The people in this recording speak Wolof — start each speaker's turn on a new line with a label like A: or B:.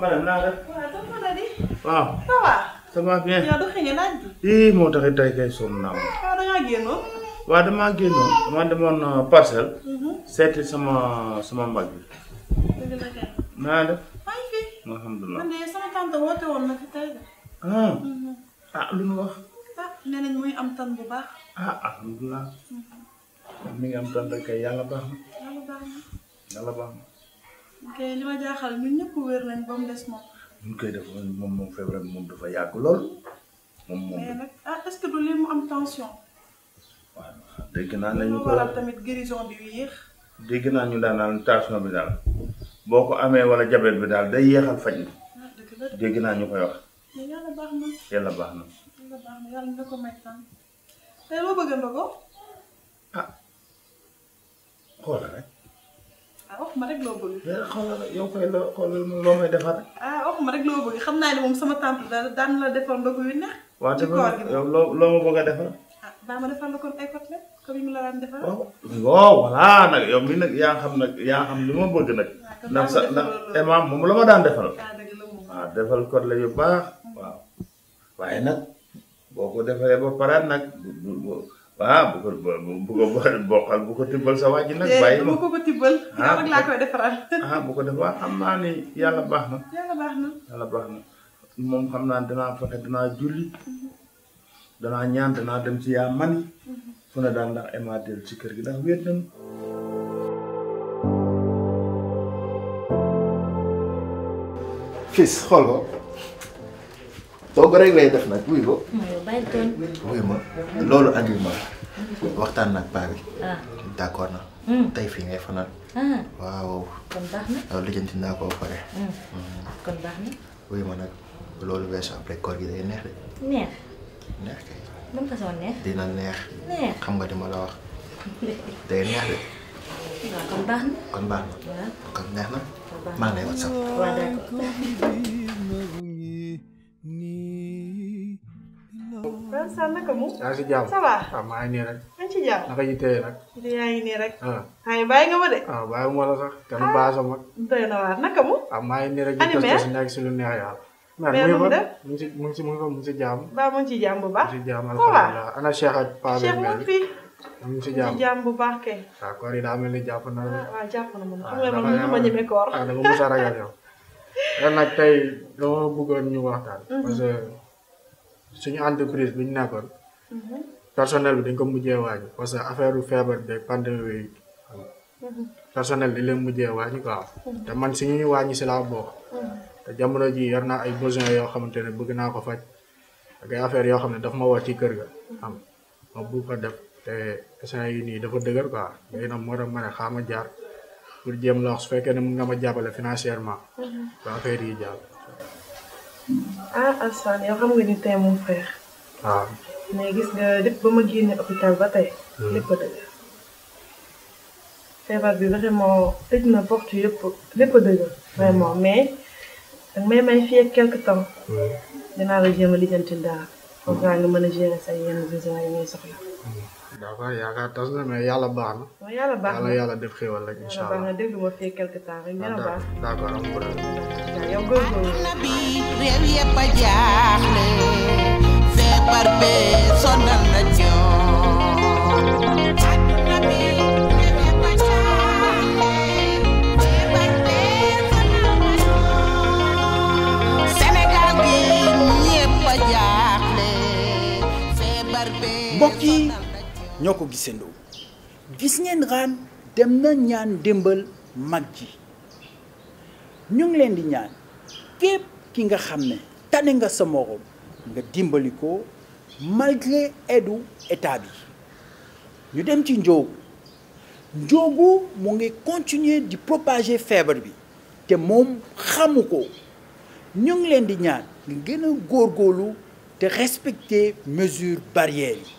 A: pare naa def. waaw sama la bien. yow
B: doxee nga naan ji.
A: ii moo taxit kay sama sama mbag dëgg la kay. def. fi. sama tante woote na fi ah. Mhm. ah lu ñu wax. ah nee muy am tan bu baax. ah alhamdulilah. mi mhm. ngi am tan rek kay yàlla baax na. baax baax ok li ma jaaxal ñun ñëpp wér nañ ba mu moom. buñ koy def moom moom feebaram moom dafa yàgg lool. moom moom mais ah, mu am tension. waaw naa ne ñu ko tamit guérison bi dégg naa ñu daan naan bi daal boo ko amee wala jabet bi daal day yéexal faj ah, naa ñu koy wax. baax na yàlla loo bëgg a ndogo. ah xoolal rek.
B: Ah, wax ma rek loo bëgg. Eh,
A: xoolal yow koy loo xoolal defar rek.
B: ah wax ma rek loo xam naa ne moom sama tante da daan la defar ndogu yu
A: loo loo ma bëgg a defar.
B: ah daa ma defar la kon ay la daan defar. waaw oh,
A: waaw voilà nag yow mii nag yaa xam nag yaa xam li ma bëgg nag. Ah, ndax sa ndax imam moom la ma daan defal. waaw ah, defal côtelette yu baax waaw. waaye nag boo ko defaree ba pare nag. waaw bu ko bu ko bokkal bu ko sa wàjj nag bàyyi ma bu ah bu ko xam naa ni yàlla baax ya ya na yàlla baax na mom baax na moom xam naa julli danaa ñaan danaa dem ci yaa mani fu ndax ci kër gi ndax fils ko togg rek lay def nag wuy ko. wuy ma loolu andiwul waxtaan nag paa bi. Ah. na. Hmm. tey fii ngay fanaan. Ah. waaw. na waaw lijjanti naa koo pare. Hmm. Hmm. kon baax na. ma nag loolu weesu après koor gi day neex de. neex. kay. dina neex. xam nga di ma la wax. day neex de. kon baax na. kon neex
B: na. maa ngi whatsapp. ah sànn si jàmm ça va. waaw maa ngi nii rek. maa ngi si jàmm naka yittee rek. yitte yaa ngi nii rek. ah xëy bàyyi nga ma de. ah bàyyi ma na si lu si mu ngi si mu ngi fa mu ngi si jàmm. ba mu ngi si jàmm bu baax. mu si jàmm alhamdulilah ana Cheikh ak Paa Cheikh mu ngi fi. mu ngi si jàmm mu ngi si jàmm bu baax na na ren kan nag lo dama bëggoon ñu waxtaan. parce que kan? mhm. suñu entreprise bi ñu kan? nekkoon. Mhm. personnel bi dañ ko mujjee wàññi parce que affaire feebar bi pandémie bi mhm. personnel bi leen mujjee wàññi quoi. te man si ñuy wàññi si laa bokk. da jamono ji yarna ay besoin yo xamantene bëgg na ko faj ak ay affaire yo xamne daf ma war ci kër ga. xam ma bu ko def te essence yi nii dafa dëgër quoi ngay na mo ra ma xama jaar. pour jéem la wax su fekkee ne mun nga ma jàppale financièrement. Mhm. ba affaire yi jàll. ah Alsaan yow xam nga ni
A: tey moom frère. waaw ah. gis nga lépp ba ma génnee hôpital ba tey. Mhm. lépp dëgg. feebar bi vraiment tëj na porte yëpp lépp a dëgg. Mhm. vraiment mais ak may may fii ak quelque temps. dinaa la jéem a lijjanti daal. foog nga mën a gérer sa yenn besoins yi
B: d' accord yaakaar tas na mais yàlla baax na. waaw yàlla baax na yàlla yàlla def xéwal rek incha allah yàlla baax na déglu ma fii quelque temps rek yàlla baax na. d' accord am problème. yow góorgóorlu. àdduna bi réew yëpp a jaaxle
A: feebar bi sonal na ñoom. ñoko gissendo giss gis ngeen xaan dem na ñaan dembal mag ñu ngi leen di ñaan képp ki nga xam tane nga sa morom nga dimbaliko malgré aidu état bi ñu dem ci njoogu njoogu mo ngi continuer di propager fièvre bi té mom xamuko ko ñu ngi leen di ñaan nga gën respecter mesures barrières